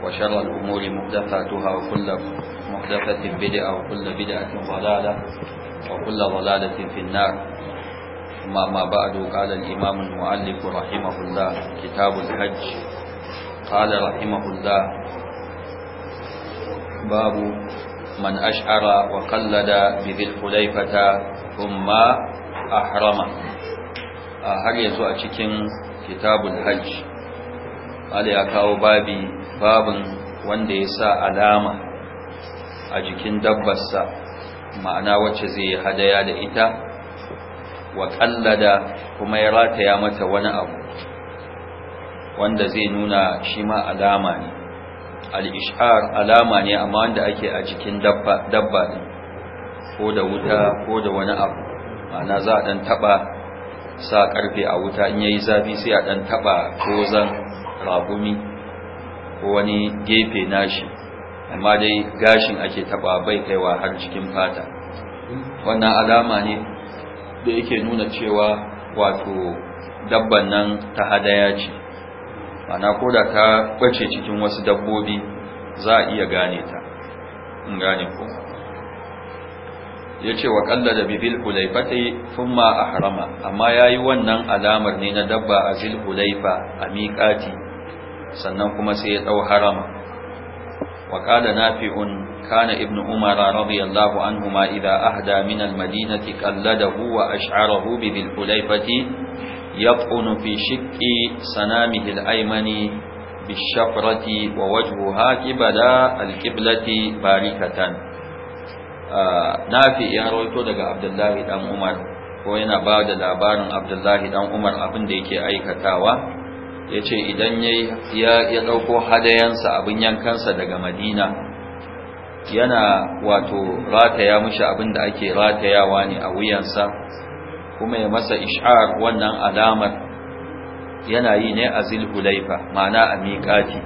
وشر الأمور محدثاتها وكل محدثة بدعة وكل بدعة ضلالة وكل ضلالة في النار أما ما بعد قال الإمام المؤلف رحمه الله كتاب الحج قال رحمه الله باب من أشعر وقلد بذي الحليفة ثم أحرمه هل يزوى كتاب الحج قال يا كاو بابي babin wanda ya sa alama a jikin dabbarsa ma'ana wacce zai yi hadaya da ita wa kallada kuma ya rataya mata wani abu wanda zai nuna shi ma alama ne al-ishar alama ne amma wanda ake a jikin dabba ne ko da wuta ko da wani abu ma'ana za a dan taba sa karfe a wuta in yayi zafi sai a ɗan taɓa ko zan ragumi ko wani gefe nashi amma dai gashin ake taba bai kaiwa har cikin fata wannan alama ne da yake nuna cewa wato dabban nan ta hadaya ce ana ko ta bace cikin wasu dabbobi za a iya gane ta in gane ko ya ce wa kalla da bibil hulaifati thumma ahrama amma yayi wannan alamar ne na dabba a zil hulaifa a miƙati sannan kuma sai ya dau harama wa qala nafi'un kana ibn umar radiyallahu anhuma idha ahda min al-madinati qalladahu wa ash'arahu bi dhil hulaifati yaqunu fi shiqqi sanamihi al-aymani بالشفرة ووجهها قبل القبلة باركة نافي يرويتو daga Abdullahi dan Umar ko yana ba da labarin Abdullahi dan Umar abin da yake aikatawa ya ce idan ya ɗauko hadayansa abin yankansa daga madina yana wato rataya mushi abin da ake ratayawa ne a wuyansa kuma ya masa ish'ar wannan alamar yana yi ne a zilhulaifa ma'ana a miƙati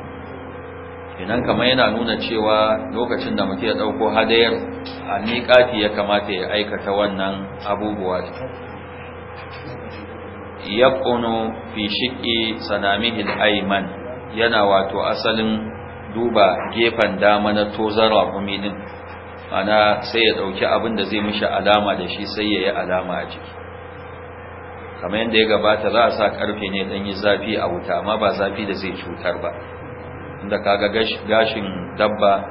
idan kama yana nuna cewa lokacin da mutu ya ɗauko hadayar a miƙati ya kamata ya aikata wannan abubuwa yaqunu fi shiqqi sanamihi al yana wato asalin duba gefen dama na tozara gumi din ana sai ya ɗauki abin da zai mishi alama da shi sai ya yi alama a ciki kamar yadda ya gabata za a sa karfe ne dan yi zafi a wuta amma ba zafi da zai cutar ba inda kaga gashin dabba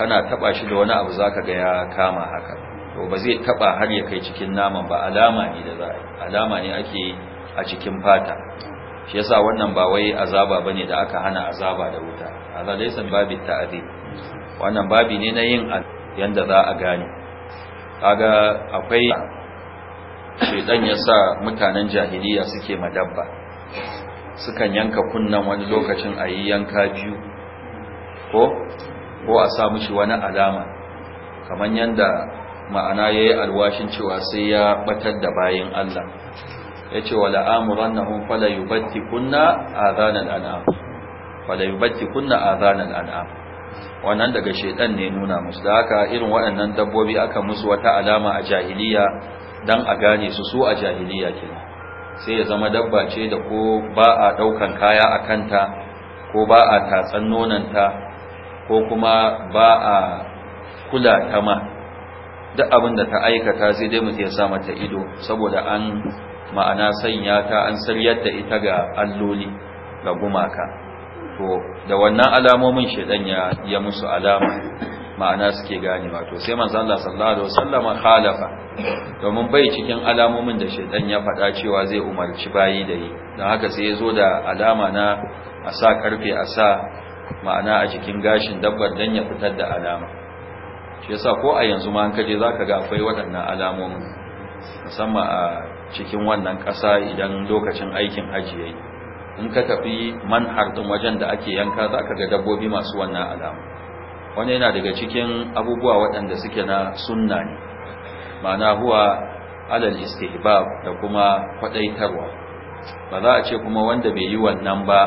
kana taba shi da wani abu zaka ga ya kama haka to ba zai taba har ya kai cikin naman ba alama ne da za alama ne ake a cikin fata shi yasa wannan ba wai azaba bane da aka hana azaba da wuta hada laysa babu ta'dib wannan babi ne na yin yanda za a gane kaga akwai shedan yasa mutanen jahiliya suke madabba sukan yanka kunnan wani lokacin ayi yanka biyu ko ko a sa mishi wani alama kamar yanda ma'ana yayi alwashin cewa sai ya batar da bayin Allah yace wala amurannahum fala yubtikunna adhanal an'am fala a zanen an'am wannan daga shaidan ne nuna musu da haka irin waɗannan dabbobi aka musu wata alama a jahiliya don a gane su su a jahiliya kenan sai ya zama dabba ce da ko ba a ɗaukan kaya a kanta ko ba a tatsan nonanta ko kuma ba a kula ta ma duk abin da ta aikata sai dai mutum ya sa mata ido saboda an ma'ana sanya ta an saryar da ita ga alloli ga gumaka to da wannan alamomin shedan ya ya musu alama ma'ana suke gane wato sai manzon Allah sallallahu alaihi wasallam khalafa domin bai cikin alamomin da shedan ya faɗa cewa zai umarci bayi da yi dan haka sai yazo da alama na asa karfe a sa ma'ana a cikin gashin dabbar dan ya fitar da alama shi yasa ko a yanzu ma an kaje zaka ga akwai waɗannan alamomin musamman a cikin wannan ƙasa idan lokacin aikin hajji yi in ka tafi manhar wajen da ake yanka za ka ga dabbobi masu wannan alama wani yana daga cikin abubuwa waɗanda suke na sunna ne ma'ana huwa alal istihbab da kuma kwadaitarwa ba za a ce kuma wanda bai yi wannan ba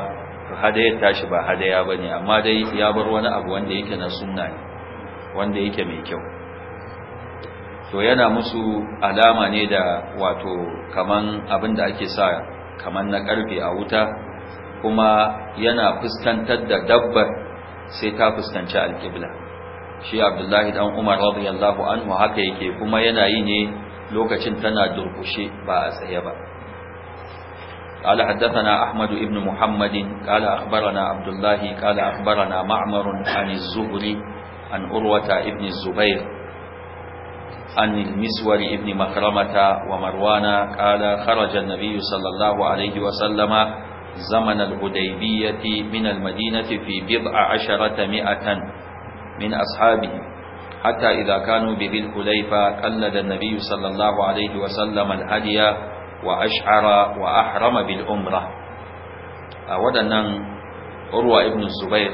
hadaya tashi ba hadaya ne amma dai ya bar wani abu wanda yake na sunna ne wanda yake mai kyau to yana musu alama ne da wato kaman abin da ake sa kaman na karfe a wuta kuma yana fuskantar da dabbar sai ta fuskanci alƙibla shi abdullahi dan umar radiyallahu anhu haka yake kuma yana yi ne lokacin tana durkushe ba a tsaye ba قال حدثنا أحمد بن محمد قال أخبرنا عبد الله قال أخبرنا معمر عن الزهري عن أروة ابن الزبير عن المسور ابن مكرمة ومروان قال خرج النبي صلى الله عليه وسلم زمن الهديبية من المدينة في بضع عشرة مئة من أصحابه حتى إذا كانوا بذي الحليفة قلد النبي صلى الله عليه وسلم الهدي وأشعر وأحرم بالأمرة ودنا أروى ابن الزبير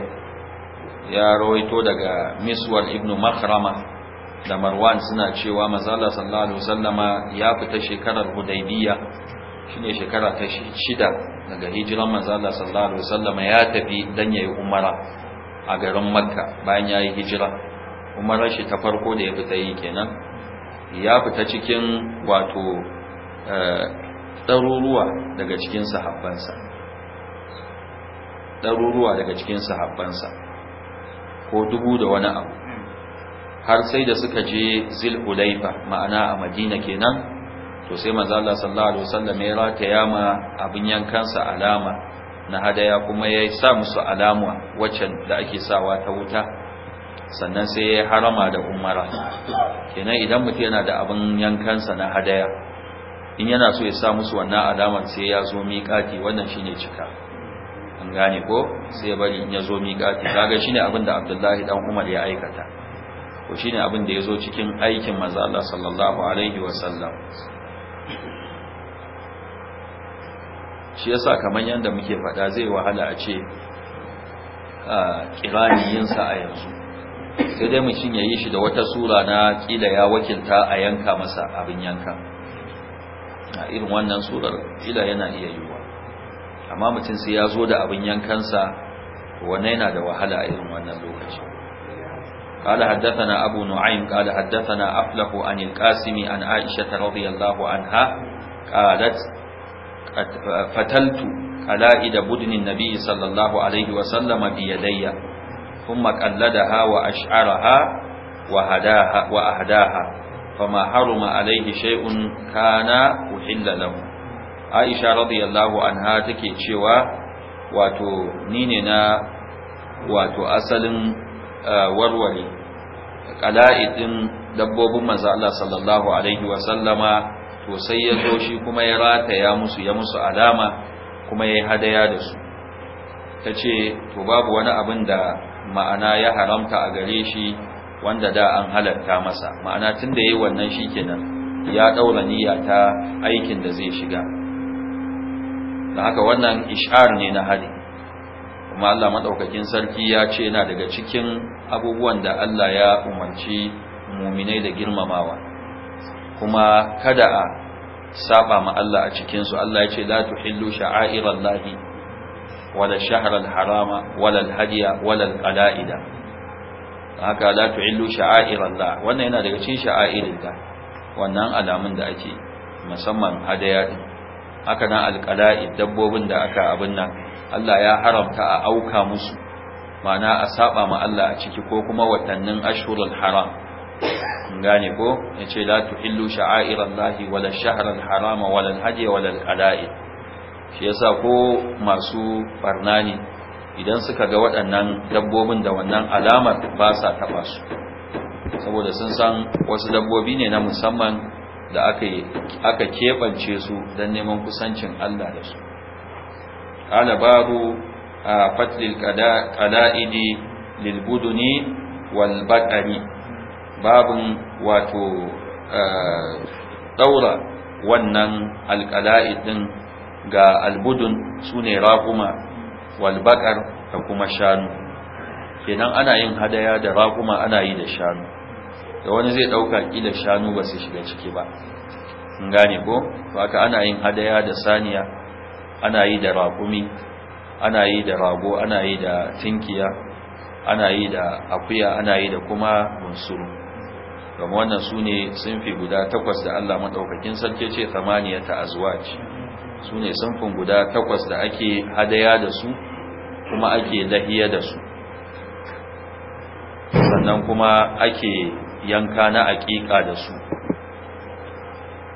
يا رويتو دقى مسور ابن مخرمة da marwan suna cewa mazala sallallahu alaihi wasallama ya fita shekarar hudaybiya shine shekara ta shida daga hijiran mazala sallallahu alaihi wasallama ya tafi dan yayi umara a garin makka bayan yayi hijira umarar shi ta farko da ya fita yi kenan ya fita cikin wato eh, ɗaruruwa daga cikin sahabbansa daruruwa daga cikin sahabbansa ko dubu da wani abu har sai da suka je zilhulaifa ma'ana a madina kenan to sai Allah sallallahu alaihi wasallam ya rataya ma abin yankansa alama na hadaya kuma ya sa musu alama waccan da ake sawa ta wuta sannan sai ya harama da umara kenan idan mutum yana da abin yankansa na hadaya in yana so ya sa musu wannan alamar sai ya zo miƙati wannan shine cika an gane ko sai bari in ya zo miƙati kaga shine abin da Abdullahi dan Umar ya aikata shi shine abin da ya zo cikin aikin maza Allah sallallahu alaihi wasallam shi yasa kamar yadda muke faɗa zai wahala a ce kirani yin a yanzu sai dai mutum ya yi shi da wata sura na kila ya wakilta a yanka masa abin yanka a irin wannan surar kila yana iya yiwa amma mutum sai ya zo da abin yankansa wannan yana da wahala a irin wannan lokaci قال حدثنا أبو نعيم قال حدثنا أفلح عن القاسم عن عائشة رضي الله عنها قالت فتلت قلائد بدن النبي صلى الله عليه وسلم بيدي ثم قلدها وأشعرها وهداها وأهداها فما حرم عليه شيء كان أحل له عائشة رضي الله عنها تكي cewa wato ni ne na wato asalin warware kala'idin dabbobin manzo Allah sallallahu alaihi wa sallama to sai ya zo shi kuma ya rataya musu ya musu alama kuma yayi hadaya da su tace to babu wani abin da ma'ana ya haramta a gare shi wanda da an halatta masa ma'ana tunda yayi wannan shikenan ya daura niyya ta aikin da zai shiga da haka wannan ishar ne na hadi kuma Allah madaukakin sarki ya ce yana daga cikin abubuwan da Allah ya umarci muminai da girmamawa kuma kada a saba ma Allah a cikin su Allah ya ce la tuhillu sha'airallahi wala shahral harama wala alhadiya wala alqalaida haka la tuhillu la, wannan yana daga cikin da wannan alamun da ake musamman hadaya din haka nan alƙada'id, dabbobin da aka abin nan Allah ya haramta a auka musu mana a saba ma Allah a ciki ko kuma watannin ashurul haram gane ko yace la tuhillu sha'airallahi wala shahral harama wala alhadi wala alqala'i shi yasa ko masu barna ne idan suka ga waɗannan dabbobin da wannan alamar ba sa taba su saboda sun san wasu dabbobi ne na musamman da aka keɓance su don neman kusancin Allah da su قال باب فتل القلائد للبدن والبقر باب واتو daura wannan alƙala'id ɗin ga albudun su ne raƙuma walbaƙar da kuma shanu kenan ana yin hadaya da raƙuma ana yi da shanu da wani zai ɗauka ƙila shanu ba su shiga ciki ba gane ko ba ana yin hadaya da saniya ana yi da raƙumi ana yi da rago ana yi da tinkiya ana yi da akuya ana yi da kuma bunsuru kuma wannan su ne sunfi guda takwas da Allah maɗaukakin sarki ce tamaniya ta azwaci su ne sunfin guda takwas da ake hadaya da su kuma ake lahiya da su sannan kuma ake yanka na aƙiƙa da su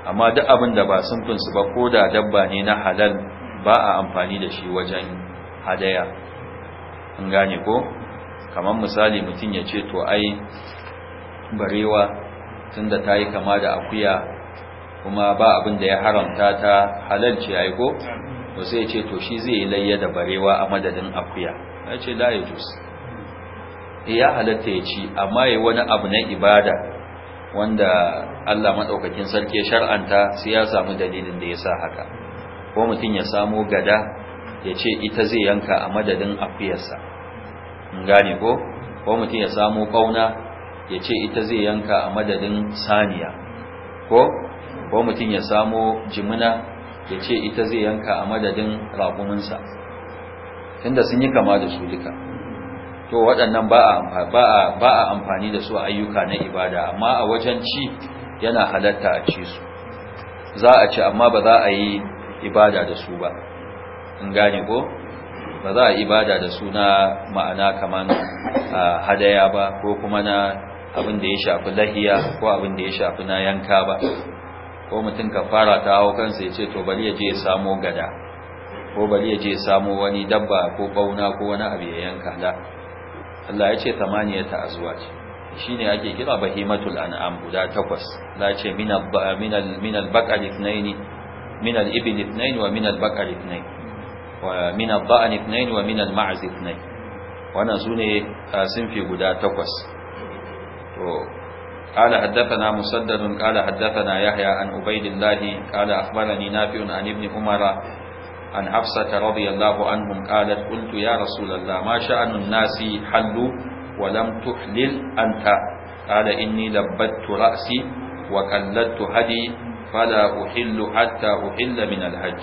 amma duk abin da ba su ba ko da dabba ne na halal ba a amfani da shi wajen hadaya an gane ko kamar misali mutum ya ce to ai barewa tunda ta yi kama da akuya kuma ba abin da ya haramta ta halalci ya yi ko to sai ya ce to shi zai yi layya da barewa a madadin akuya ya ce la ya jus eh, ya halatta ya ci amma ya wani abu na ibada wanda Allah maɗaukakin sarki ya shar'anta sai ya samu dalilin da ya sa haka ko mutum ya samo gada ya ce ita zai yanka a madadin akuyarsa gane ko ko mutum ya samo ƙauna ya ce ita zai yanka a madadin saniya ko ko mutum ya samo jimina ya ce ita zai yanka a madadin raƙuminsa inda sun yi kama da su duka to waɗannan ba a amfani da su ayyuka na ibada amma a wajen ci yana halatta a ci su za a ci amma ba za a yi ibada da su ba in gane ko ba za a ibada da su na ma'ana kaman hadaya ba ko kuma na abin da ya shafi lahiya ko abin da ya shafi na yanka ba ko mutum ka fara ta hau kansa ya ce to bari ya je ya samo gada ko bari ya je ya samo wani dabba ko bauna ko wani abu ya yanka da Allah ya ce azuwa azwaj ne ake kira bahimatul an'am guda takwas la ce minal minal minal baqal من الإبل اثنين ومن البقر اثنين ومن الضأن اثنين ومن المعز اثنين وانا زوني اسم آه، في قدا تقوس قال حدثنا مسدد قال حدثنا يحيى عن عبيد الله قال أخبرني نافع عن ابن عمر عن حفصة رضي الله عنهم قالت قلت يا رسول الله ما شأن الناس حلوا ولم تحلل أنت قال إني لبدت رأسي وقلدت هدي Fada uhillu hatta uhilla min alhajj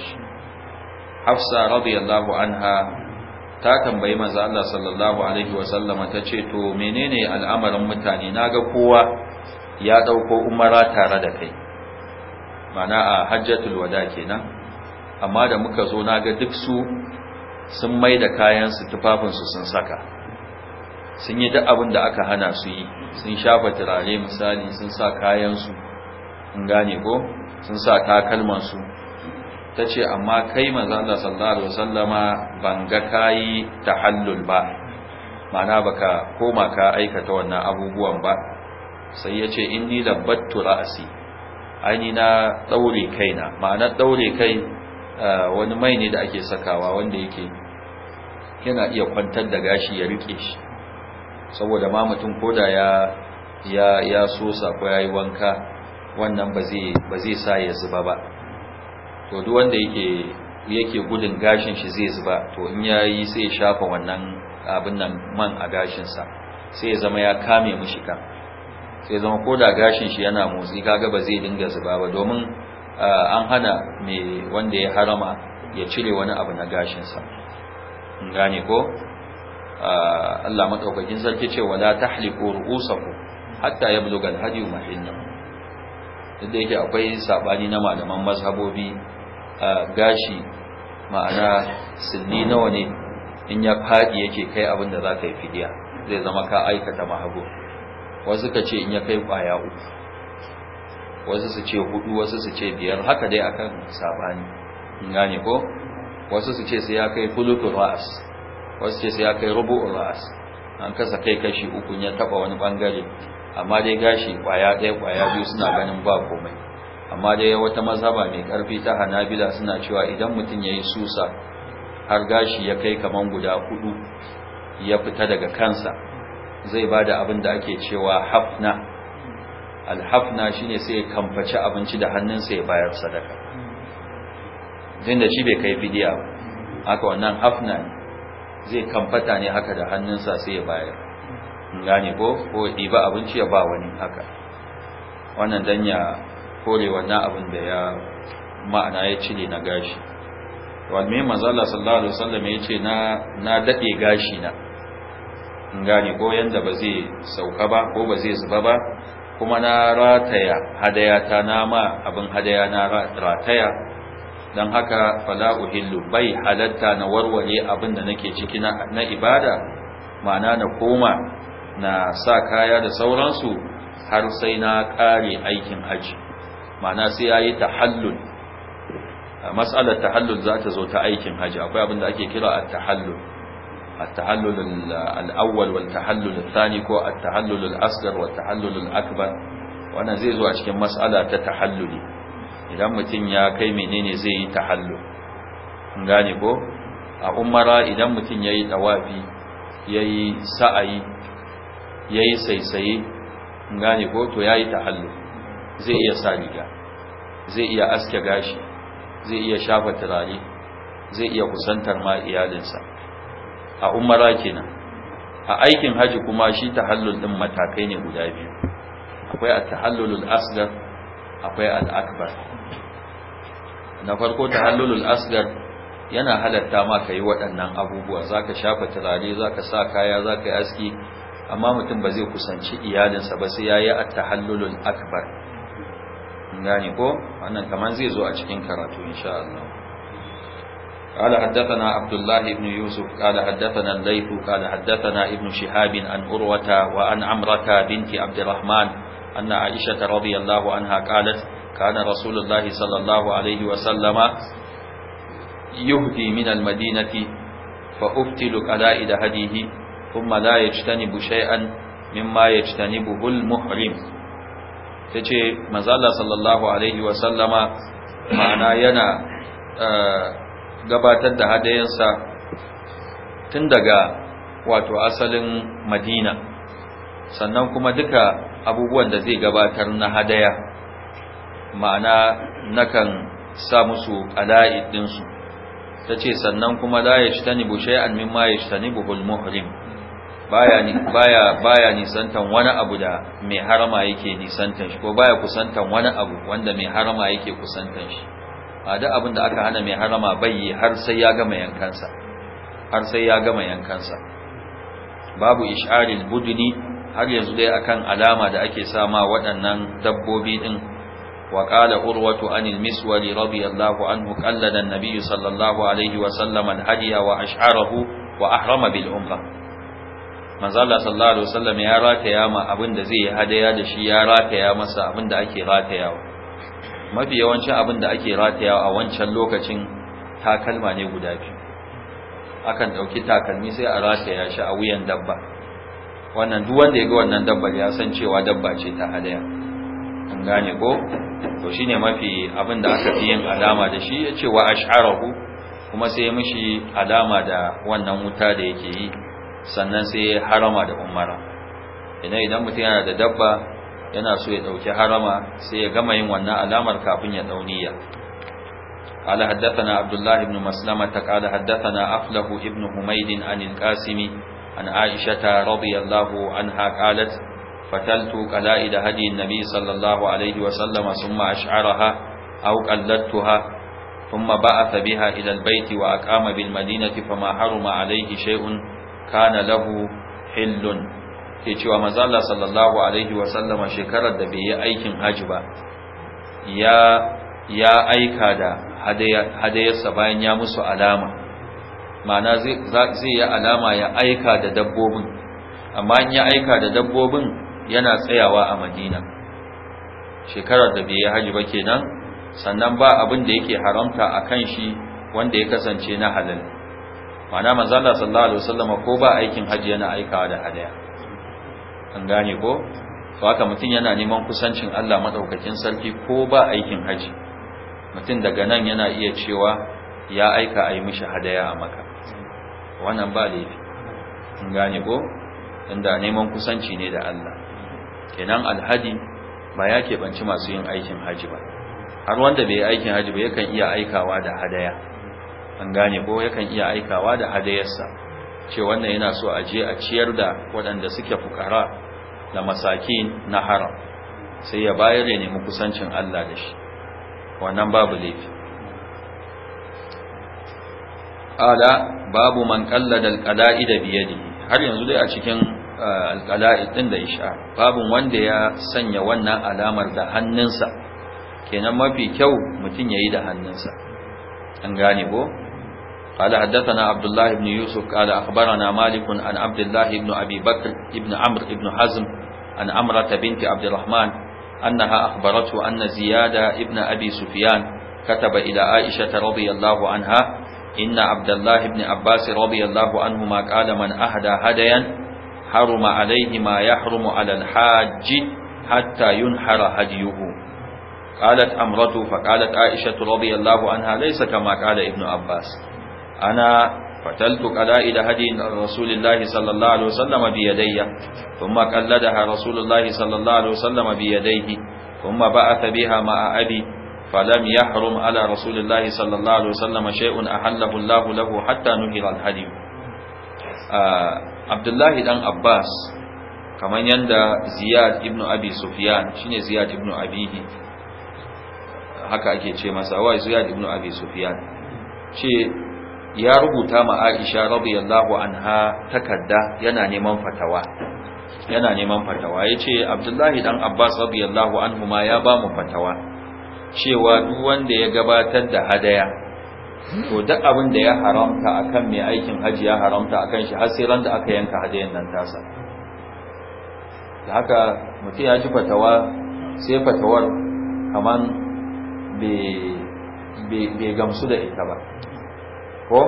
hafsa radiyallahu anha ta tambayi manzo Allah sallallahu alaihi wasallama tace to menene al'amarin mutane naga kowa ya ɗauko umara tare da kai mana a hajjatul wada kenan amma da muka zo na ga duk su sun mai da kayan su tufafin sun saka sun yi duk abin da aka hana su yi sun shafa turare misali sun sa kayan su in gane ko sun sa ka su? ta ce amma kai manzana sallallahu alaihi wasallama ban ga kayi tahallul ba mana baka koma ka aikata wannan abubuwan ba sai ya ce ni labbattu ra'asi aini na daure kaina ma'ana daure kai eh, wani mai ne da ake sakawa wanda yake yana iya kwantar da gashi ya rike shi saboda ma mutum koda ya ya ya sosa ko yayi wanka wannan ba zai sa ya zuba ba to duk wanda yake yake gudun gashin shi zai zuba to in ya yi sai ya shafa wannan abin nan man a gashinsa sai ya zama ya kame mishi kan sai zama ko da gashin shi yana motsi kaga ba zai dinga zuba ba domin an hana me wanda ya harama ya cire wani abu na gashinsa. sa gane ko Allah madaukakin sarki ce wala tahliqu ru'usakum hatta yabluga al-hadi da yake akwai sabani na malaman mazhabobi gashi ma'ana sunni nawa ne in ya fadi yake kai abin da za ka yi fidiya zai zama ka aikata mahago wasu ka ce in ya kai kwaya uku wasu su ce hudu wasu su ce biyar haka dai akan sabani in gane ko wasu su ce su ya kai kulutun ra'as wasu ce su ya kai rubu'un ra'as an kasa kai kashi uku ya taba wani bangare amma dai gashi kwaya ɗaya kwaya biyu suna ganin ba komai amma dai wata mazhaba mai karfi ta hanabila suna cewa idan mutum ya yi susa har gashi ya kai kaman guda hudu ya fita daga kansa zai ba da abin da ake cewa hafna alhafna shine sai ya kamfaci abinci da hannunsa ya bayar sadaka din da shi bai kai fidiya ba haka wannan hafna zai kamfata ne haka da hannunsa sai ya bayar gane ko ko ɗiba abinci ya ba wani haka wannan dan ya kore wannan abin da ya ma'ana ya cire na gashi wani mazala sallallahu alaihi wasallam ya ce na na dade gashi na gane ko yanda ba zai sauka ba ko ba zai zuba ba kuma na rataya hadaya ta nama abin hadaya na rataya dan haka fala uhillu bai halatta na warware abin da nake ciki na ibada ma'ana na koma na sa kaya da sauransu har sai na ƙare aikin haji ma'ana sai ya yi tahallul matsalar tahallul za ta zo ta aikin haji akwai abin da ake kira a tahallul ko الأول والتحلل الثاني كو التحلل الأصغر والتحلل الأكبر wannan zai zo a cikin mas'ala ta tahalluli idan mutum ya kai menene zai yi tahallul gane ko a umara idan mutum yayi tawafi yayi sa'ayi ya yi saisaye gane ko to ya yi ta'allu zai iya sa riga zai iya aske gashi zai iya shafa turare zai iya kusantar ma iyalinsa a umara kenan a aikin haji kuma shi tahallul din matakai ne guda biyu akwai at-tahallulul asghar akwai al-akbar na farko tahallulul asghar yana halatta ma kai waɗannan abubuwa zaka shafa turare zaka sa kaya zaka yi aski amma mutum ba zai kusanci iyalinsa ba sai yayi at-tahallulun akbar gane ko wannan kaman zai zo a cikin karatu insha Allah قال حدثنا عبد الله بن يوسف قال حدثنا الليث قال حدثنا ابن شهاب عن عروة وعن عمرة بنت عبد الرحمن أن عائشة رضي الله عنها قالت كان رسول الله صلى الله عليه وسلم يهدي من المدينة فأبتل على إلى هديه kuma la yajtanibu shay'an mimma yajtanibuhu al-muhrim tace manzo Allah sallallahu alaihi wa sallama ma'ana yana eh, gabatar da hadayensa tun daga wato asalin Madina sannan kuma duka abubuwan da zai gabatar na hadaya ma'ana nakan sa musu ala'id dinsu ta ce sannan kuma la ya ci ta tanibu shay'an mimma ya ci ta tanibu muhrim baya ni baya nisantan wani abu da mai harama yake nisantan shi ko baya kusantan wani abu wanda mai harama yake kusantan shi a duk abin da aka hana mai harama bayyi har sai ya gama yankansa har sai ya gama yankansa babu ish'aril buduni har yanzu dai akan alama da ake sama waɗannan dabbobi din وقال أروة عن an رضي الله عنه alaihi wa صلى hadiya wa وسلم wa ahrama bil umrah manzo Allah sallallahu alaihi wasallam ya rataya ma abin da zai hadaya da shi ya rataya masa abin da ake ratayawa mafi yawancin abin da ake ratayawa a wancan lokacin takalma ne guda biyu akan dauki takalmi sai a rataya shi a wuyan dabba wannan duk wanda ya ga wannan dabbar ya san cewa dabba ce ta hadaya an gane ko to shine mafi abin da aka fi yin alama da shi ya yace wa ash'arahu kuma sai mishi alama da wannan wuta da yake yi sannan sai ya harama da umara idan idan mutum yana da dabba yana so ya dauki harama sai ya gama yin wannan alamar kafin ya dau niyya قال حدثنا عبد الله بن مسلمة قال حدثنا أفله ابن حميد عن القاسم عن عائشة رضي الله عنها قالت فتلت قلائد هدي النبي صلى الله عليه وسلم ثم أشعرها أو قلدتها ثم بعث بها إلى البيت وأقام بالمدينة فما حرم عليه شيء kana lahu hillun ke cewa mazalla sallallahu alaihi wasallama shekarar da bai yi aikin haji ba ya ya aika da hadayarsa bayan ya musu alama mana zai yi alama ya aika da dabbobin amma in ya aika da dabbobin yana tsayawa a madina shekarar da bai yi haji ba kenan sannan ba abin da yake haramta a kan shi wanda ya kasance na halal mana manzala sallallahu alaihi wasallama ko ba aikin haji yana aikawa da hadaya an gane ko to haka mutum yana neman kusancin Allah madaukakin sarki ko ba aikin haji mutum daga nan yana iya cewa ya aika a yi mishi hadaya a maka wannan ba laifi an gane ko inda neman kusanci ne da Allah kenan alhaji ba ya keɓanci masu yin aikin haji ba har wanda bai aikin haji ba yakan iya aikawa da hadaya an gane ko yakan iya aikawa da hadayarsa ce wannan yana so a je a ciyar da waɗanda suke fukara da masakin na haram sai ya bayar ya nemi kusancin Allah da shi wannan babu laifi ala babu man qallada alqala'ida da biyadi har yanzu dai a cikin eh, alqala'id din da isha babu wanda ya sanya wannan alamar da hannunsa kenan mafi kyau mutum yayi da hannunsa an gane ko قال حدثنا عبد الله بن يوسف قال أخبرنا مالك عن عبد الله بن أبي بكر بن عمرو بن حزم عن أمرة بنت عبد الرحمن أنها أخبرته أن زياد ابن أبي سفيان كتب إلى عائشة رضي الله عنها إن عبد الله بن عباس رضي الله عنهما قال من أهدى هديا حرم عليه ما يحرم على الحاج حتى ينحر هديه قالت أمرته فقالت عائشة رضي الله عنها ليس كما قال ابن عباس ana fataltu qada'ida hadi rasulillahi sallallahu alaihi wasallam bi yadayya thumma qalladaha rasulullahi sallallahu alaihi wasallam bi yadayhi thumma ba'atha biha ma'a abi falam yahrum ala rasulillahi sallallahu alaihi wasallam shay'un ahallahu Allah lahu hatta nuhira al Abdullahi dan Abbas kamar yanda Ziyad ibn Abi Sufyan shine Ziyad ibn Abihi haka ake ce masa wai Ziyad ibn Abi Sufyan ce ya rubuta ma Aisha radiyallahu anha takarda yana neman fatawa yana neman fatawa yace Abdullahi dan Abbas radiyallahu anhu ma ya ba mu fatawa cewa duk wanda ya gabatar da hadaya to duk abin da ya haramta akan mai aikin haji ya haramta akan shi har sai ran da aka yanka hadayan nan tasa da haka mutum ya ji fatawa sai fatawar kaman bai gamsu da ita ba ko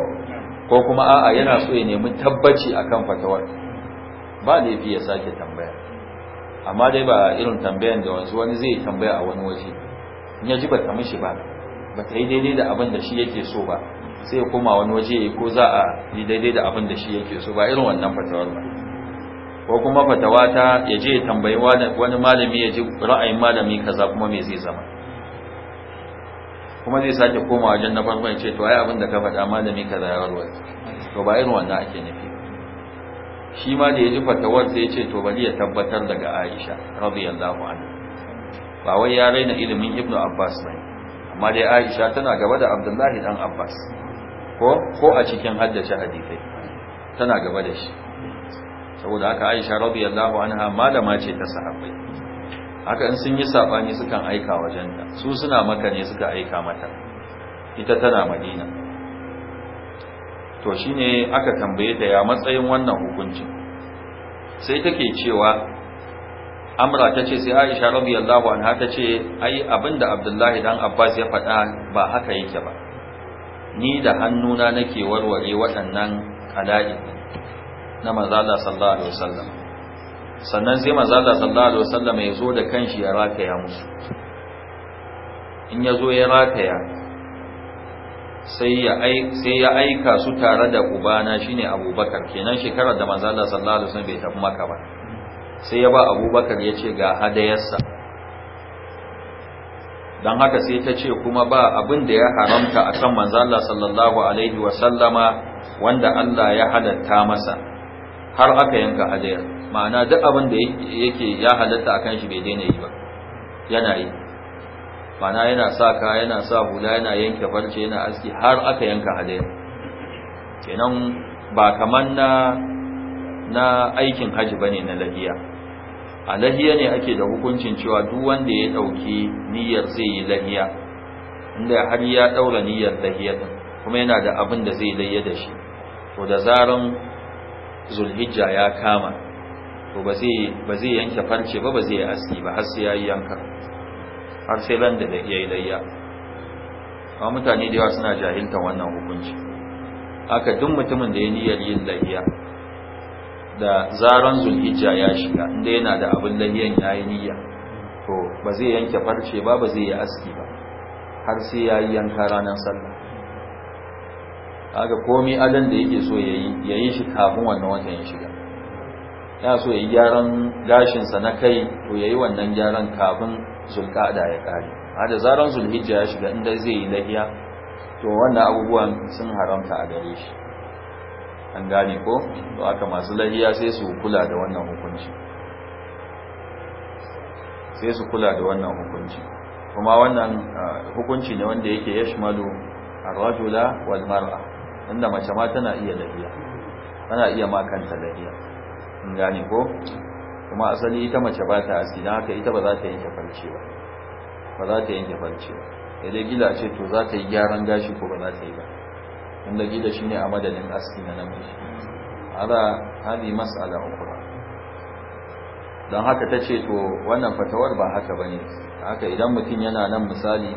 ko kuma a'a yana so ya nemi tabbaci akan fatawar ba laifi ya sake tambaya amma dai ba irin tambayan da wanzu wani zai tambaya a wani waje in ya ji ba ta mishi ba ba ta yi daidai da abin da shi yake so ba sai ya koma wani waje ya ko za a yi daidai da abin da shi yake so ba irin wannan fatawar ba ko kuma fatawa ta ya je ya tambayi wani malami ya ji ra'ayin malami kaza kuma me zai zama kuma zai sake koma wajen na farko ya ce to ai abin da ka faɗa malami kaza ya warware to ba irin wannan ake nufi shi ma da ya ji fatawar sai ya ce to bari ya tabbatar daga Aisha radiyallahu anha ba wai ya raina ilimin Ibn Abbas ba amma dai Aisha tana gaba da Abdullahi dan Abbas ko ko a cikin haddace hadisi tana gaba da shi saboda haka Aisha radiyallahu anha malama ce ta sahabbai haka in sun yi saɓani sukan aika ta su suna maka ne suka aika mata ita tana madina to shine aka tambaye ta ya matsayin wannan hukuncin sai take cewa amra ta ce sai aisha radiyallahu anha ta ce ai abinda abdullahi dan abbas ya faɗa ba haka yake ba ni da hannuna nake warware waɗannan kala'i na manzo Allah sallallahu alaihi wasallam sannan sai mazala sallallahu alaihi wasallam ya zo da kanshi ya rataya musu in ya zo ya rataya sai ya aika su tare da ubana shine abubakar kenan shekarar da mazala sallallahu alaihi wasallam bai tafi maka ba sai ya ba abubakar ya ce ga hadayarsa don haka sai ta ce kuma ba abin da ya haramta a kan manzala sallallahu alaihi wasallama wanda Allah ya halatta masa har aka yanka hadayar ma'ana duk abin da yake ya halatta kan shi bai daina yi ba yana yi ma'ana yana sa ka yana sa hula yana yanke farce yana aski har aka yanka hadaya kenan ba kaman na na aikin haji bane na lahiya a lahiya ne ake da hukuncin cewa duk wanda ya dauki niyyar zai yi lahiya inda har ya daura niyyar lahiya din kuma yana da abin da zai layya da shi to da zaran zulhijja ya kama to ba zai yanke farce ba ba zai aski ba har sai ya yi yanka har sai ran da ya yi layya amma mutane da yawa suna jahilta wannan hukunci haka duk mutumin da ya niyyar yin layya da zaran zulhijja ya shiga inda yana da abin layyan ya yi niyya to ba zai yanke farce ba ba zai yi aski ba har sai ya yi yanka ranar sallah haka komi adan da yake so ya yi shi kafin wannan watan ya shiga ya so yi gyaran gashinsa na kai to ya yi wannan gyaran kafin zulkada ya kare a da zaran zulhijja ya shiga inda zai yi lahiya to wannan abubuwan sun haramta a gare shi an gane ko to aka masu lahiya sai su kula da wannan hukunci sai su kula da wannan hukunci kuma wannan hukunci ne wanda yake shimalu a rajula wal mar'a inda mace ma tana iya lahiya tana iya makanta lahiya in gane ko kuma asali ita mace ba ta asina haka ita ba za ta yanke farce ba ba za ta yanke farce ba idan gila ce to za ta yi gyaran gashi ko ba za ta yi ba inda gila shine a madadin aski na namiji ala hadi mas'ala ukra don haka ta ce to wannan fatawar ba haka bane haka idan mutum yana nan misali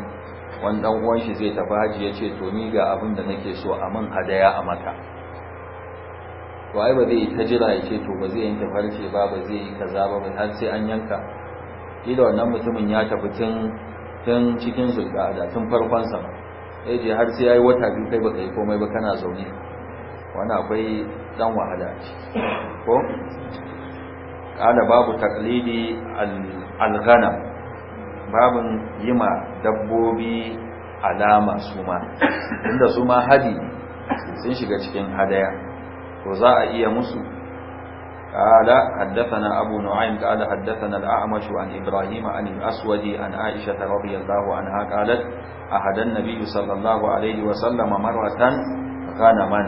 wani dan uwan shi zai tafi haji ya ce to ni ga abin da nake so a man hadaya a maka to ai ba zai yi ta jira ya ce to ba zai yanke farce ba ba zai yi kaza ba har sai an yanka ila wannan mutumin ya tafi tun tun cikin zulqa'ada tun farkon sa sai je har sai yayi wata biyu kai baka yi komai ba kana zaune wani akwai dan wahala ko babu taqlidi al الغنم babun yima dabbobi alama suma inda suma hadi sun shiga cikin hadaya to za a iya musu قال حدثنا أبو نعيم قال حدثنا الأعمش عن إبراهيم عن الأسود عن عائشة رضي الله عنها قالت أحد النبي صلى الله عليه وسلم مرة فكان من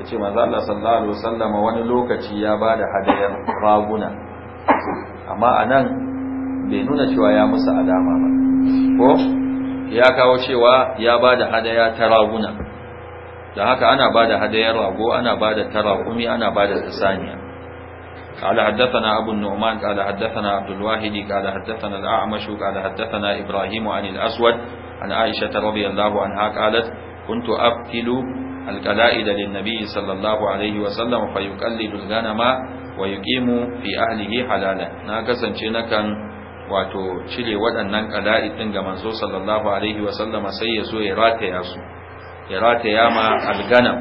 yace manzo Allah sallallahu alaihi wasallam wani lokaci ya bada hadayar raguna amma anan bai nuna cewa ya musu alama ba ko ya kawo cewa ya bada hadaya ta raguna da haka ana bada hadayar rago ana bada tarakumi ana bada tsaniya قال حدثنا أبو النعمان قال حدثنا عبد الواحد قال حدثنا الأعمش قال حدثنا إبراهيم عن الأسود عن عائشة رضي الله عنها قالت كنت أبكل القلائد للنبي صلى الله عليه وسلم فيقلد الغنم ويقيم في أهله حلالا ناكسا شنكا wato cire waɗannan ƙala'id ɗin ga manzo sallallahu alaihi wasallama sai ya zo ya rataya su ya ma alganam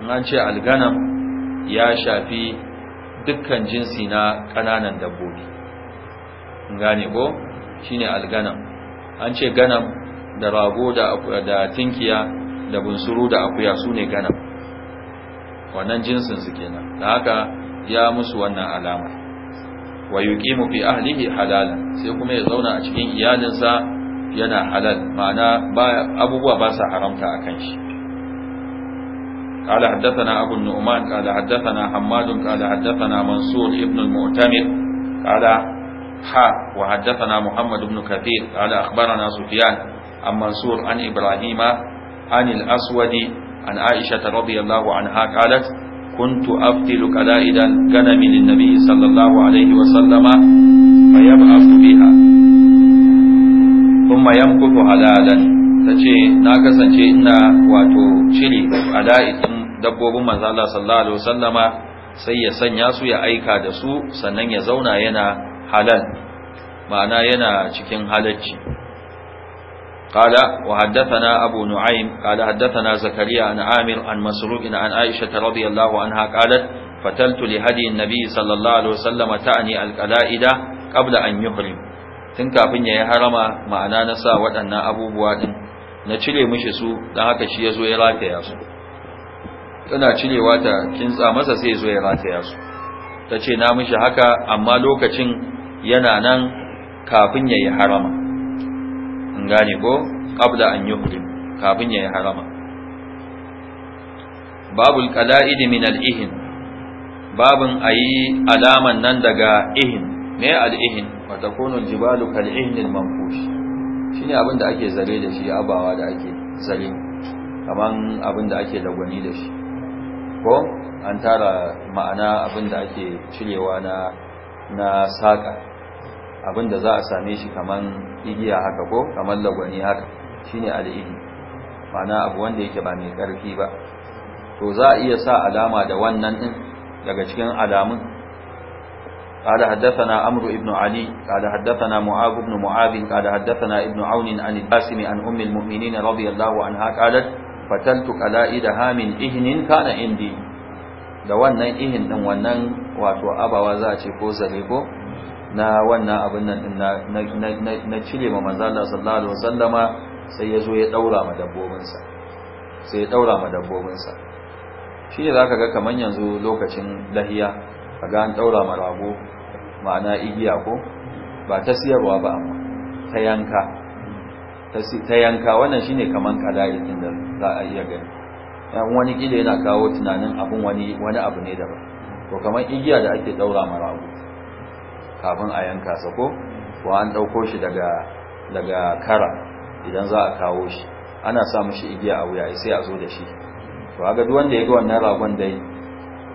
in an ce alganam ya shafi dukkan jinsi na ƙananan dabbobi gane ko shine alganam an ce ganam da rago da tinkiya da bunsuru da akuya su ne ganam wannan jinsin su kenan da haka ya musu wannan alama wa yuqimu fi ahlihi halalan sai kuma ya zauna a cikin iyalinsa yana halal ma'ana abubuwa ba sa haramta a kan shi قال حدثنا أبو النعمان قال حدثنا حماد قال حدثنا منصور ابن المعتمر قال حا وحدثنا محمد بن كثير قال أخبرنا سفيان عن منصور عن إبراهيم عن الأسود عن عائشة رضي الله عنها قالت كنت أبتل قلائدا غنم للنبي صلى الله عليه وسلم فيبعث بها kuma yamkutu halalan tace na kasance ina wato cire ada'i din dabbobin manzo Allah sallallahu alaihi wasallama sai ya sanya su ya aika da su sannan ya zauna yana halal ma'ana yana cikin halacci قال وحدثنا أبو نعيم قال حدثنا زكريا عن عامر عن مسروق عن عائشة رضي الله عنها قالت فتلت لهدي النبي صلى الله عليه وسلم تعني القلائد قبل أن يحرم tun kafin ya yi harama ma'ana na sa waɗannan abubuwa ɗin na cire mishi su don haka shi ya zo ya rataya su tana cirewa ta kintsa masa sai ya zo ya rataya su ta ce na mishi haka amma lokacin yana nan kafin ya yi harama in gane ko ƙabda an yi kafin ya yi harama babul qala'id min al'ihin. Babin a yi alaman nan daga ihin me al'ihin? wa jibalu aljibalu kal shi ne abinda abin da ake zare da shi abawa da ake zare kaman abin da ake dagwani da shi ko an tara ma'ana abin da ake cirewa na na saka abin da za a same shi kaman igiya haka ko kaman lagwani haka Shi ne al'ihi ma'ana abu wanda yake ba mai karfi ba to za a iya sa alama da wannan din daga cikin alamun قال حدثنا عمرو بن علي قال حدثنا معاذ بن معاذ قال حدثنا ابن عون عن القاسم عن أم المؤمنين رضي الله عنها قالت فتلت على إدها من إهن كان عندي da wannan ihin din wannan wato abawa za a ce ko zare ko na wannan abin nan na cile ma manzo Allah sallallahu alaihi wasallama sai ya zo ya daura ma dabbobinsa sai ya daura ma dabbobinsa shi ne zaka ga kaman yanzu lokacin lahiya kaga an daura marago ma'ana igiya ko ba ta siyarwa ba amma ta yanka ta yanka wannan shine kaman kadari din da za a iya gani dan wani gida yana kawo tunanin abun wani wani abu ne daban to kaman igiya da ake daura ma kafin a yanka sa ko ko an dauko shi daga daga kara idan za a kawo shi ana sa mishi igiya a wuya sai a zo da shi to kaga duk wanda ya ga wannan ragon dai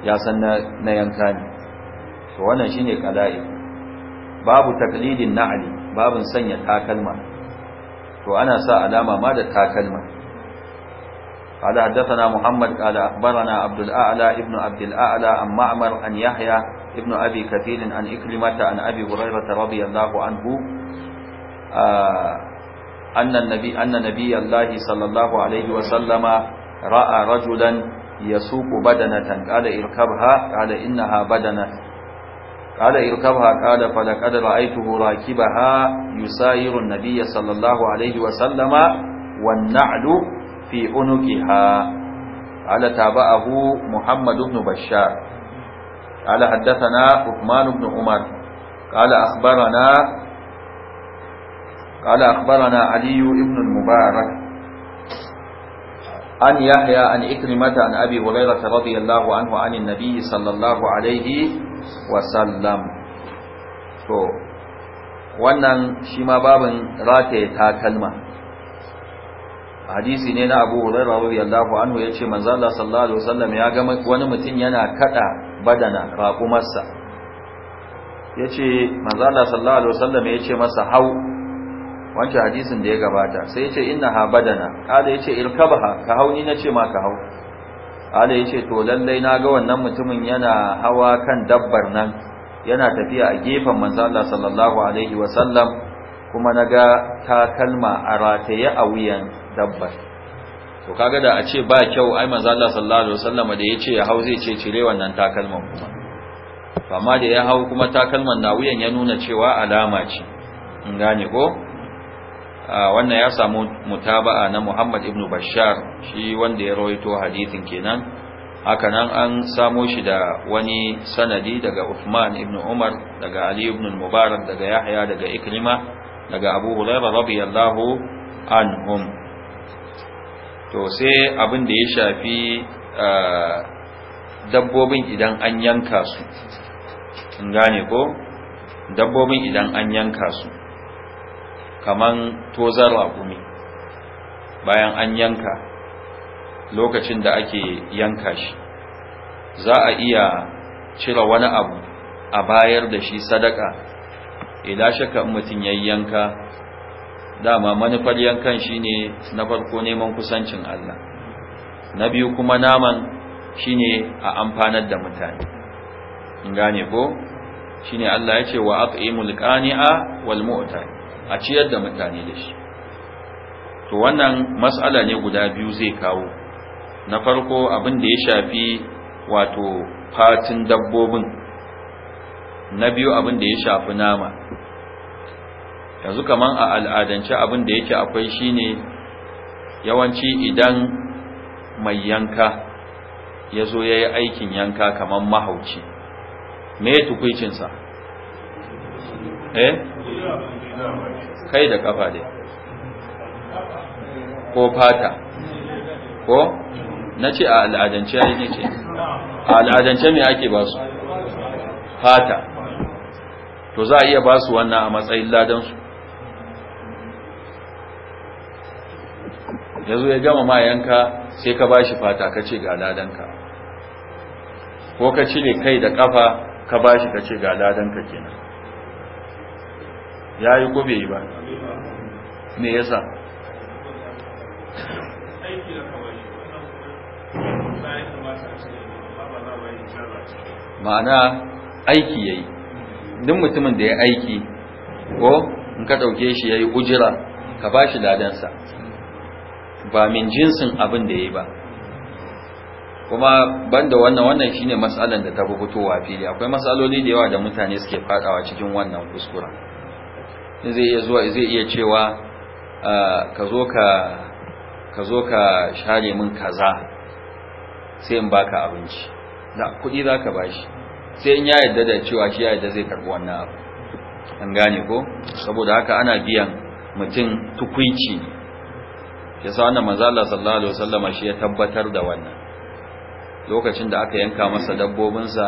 ya san na yanka ne to wannan shine qala'i babu taqlidin na'li babu sanya takalma to ana sa alama ma da takalma qala hadathana muhammad qala akhbarana abdul a'la ibnu abdul a'la an ma'mar an yahya ibnu abi katil an iklimata an abi hurairah radiyallahu anhu anna nabi sallallahu alayhi wa sallama ra'a rajulan yasuqu badanatan qala irkabha qala innaha badanatan qala irkabha qala fa laqad ra'aytuhu rakibaha yusayiru an-nabiy sallallahu alaihi wa sallama wan na'lu fi unuqiha قال تابعه محمد بن بشار قال حدثنا عثمان بن عمر قال أخبرنا قال أخبرنا علي بن المبارك عن يحيى عن إكرمة عن أبي هريرة رضي الله عنه عن النبي صلى الله عليه wasallam to wannan shi ma babin rataye takalma hadisi ne na abu hurairah radiyallahu anhu yace manzo Allah sallallahu alaihi wasallam ya ga wani mutum yana kada badana raqumarsa yace manzo Allah sallallahu alaihi wasallam yace masa hau wancan hadisin da ya gabata sai yace innaha badana kada yace irkabha ka hauni nace ma ka hau ala ya ce to lallai na ga wannan mutumin yana hawa kan dabbar nan yana tafiya a gefen manzo Allah sallallahu alaihi wasallam kuma na ga takalma a rataye a wuyan dabbar to kaga da a ce ba kyau ai manzo Allah sallallahu alaihi wasallam da ya ce ya hau zai ce cire wannan takalman kuma amma da ya hau kuma takalman na wuyan ya nuna cewa alama ce in gane ko wannan ya samu mutaba'a na Muhammad ibn Bashar shi wanda ya rawaito hadisin kenan Hakanan an samo shi da wani sanadi daga Uthman ibn Umar daga Ali ibn Mubarak daga Yahya daga Ikrima daga Abu Hurairah radiyallahu anhum to sai abin da ya shafi dabbobin idan an yanka su in gane ko dabbobin idan an yanka su kaman tozar raƙumi bayan an yanka lokacin da ake yanka shi za a iya cire wani abu a bayar da shi sadaka ila shaka mutum ya yanka dama manufar yankan shi ne na farko neman kusancin Allah na biyu kuma naman shi ne a amfanar da mutane in gane ko shi ne Allah yace ce wa aqimul qani'a wal mu'tani a ciyar da mutane da shi to wannan matsala ne guda biyu zai kawo na farko abin da ya shafi wato fatin dabbobin na biyu abin da ya shafi nama yanzu kaman a al'adance abin da yake akwai shine yawanci idan mai yanka ya zo ya yi aikin yanka kaman mahauci me ya eh kai da kafa dai ko fata ko na ce a al'adance ya yi ce a al'adance mai ake ba su fata to za a iya ba su wannan a matsayin ladansu ya zo ya gama ma yanka sai ka ba shi fata ka ce ga ladanka ko ka cire kai da kafa ka ba shi ka ce ga ladanka kenan ya yi ko bai yi ba me yasa ma'ana aiki ya yi, duk mutumin da ya aiki ko in ka dauke shi ya yi ujira ka bashi ladansa ba min jinsin abin da ya yi ba kuma banda wannan wannan shine matsalan da ta fitowa fili akwai matsaloli da yawa da mutane suke fadawa cikin wannan kuskura in zai iya zuwa zai iya cewa ah, ka zo ka ka zo ka share min kaza sai in baka abinci Da kuɗi za ka bashi sai in ya yarda da cewa shi ya yarda zai karɓi wannan abu an gane ko saboda haka ana biyan mutum tukunci Ya sa wannan manzo Allah sallallahu alaihi wasallam shi ya tabbatar da wannan lokacin da aka yanka masa dabbobinsa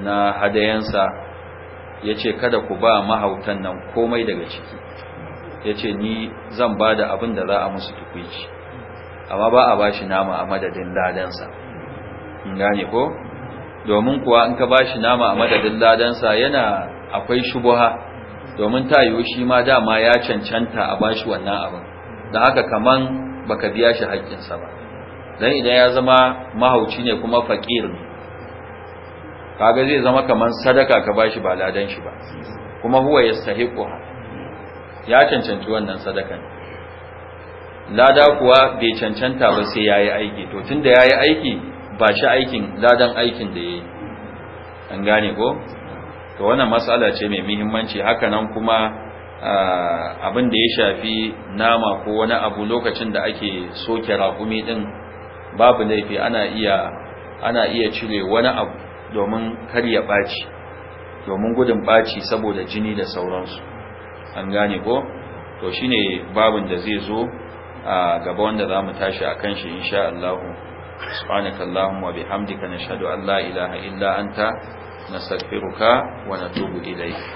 na hadayansa ya ce kada ku ba mahautan nan komai daga ciki ya ce ni zan ba da abin da za a musu tukwici amma ba a ba shi nama a madadin ladansa in gane ko domin kuwa in ka ba shi nama a madadin ladansa yana akwai shubuha domin ta yiwu shi ma dama ya cancanta a ba shi wannan abin da aka kaman baka biya shi haƙƙinsa ba don idan ya zama mahauci ne kuma faƙir kaga zai zama kamar sadaka ka bashi ba ladan shi ba kuma huwa yastahiquha ya cancanci wannan sadakan lada kuwa bai cancanta ba sai yayi aiki to tunda yayi aiki ba shi aikin ladan aikin da yayi an gane ko to wannan mas'ala ce mai muhimmanci haka nan kuma abin da ya shafi nama ko wani abu lokacin da ake soke raƙumi din babu laifi ana iya ana iya cire wani abu domin kar ya ɓaci domin gudun ɓaci saboda jini da sauransu an gane ko to shine babin da zai zo a gaba wanda za mu tashi a kan shi insha Allah subhanaka Allahumma bihamdika nashhadu an la ilaha illa anta nastaghfiruka wa natubu ilayk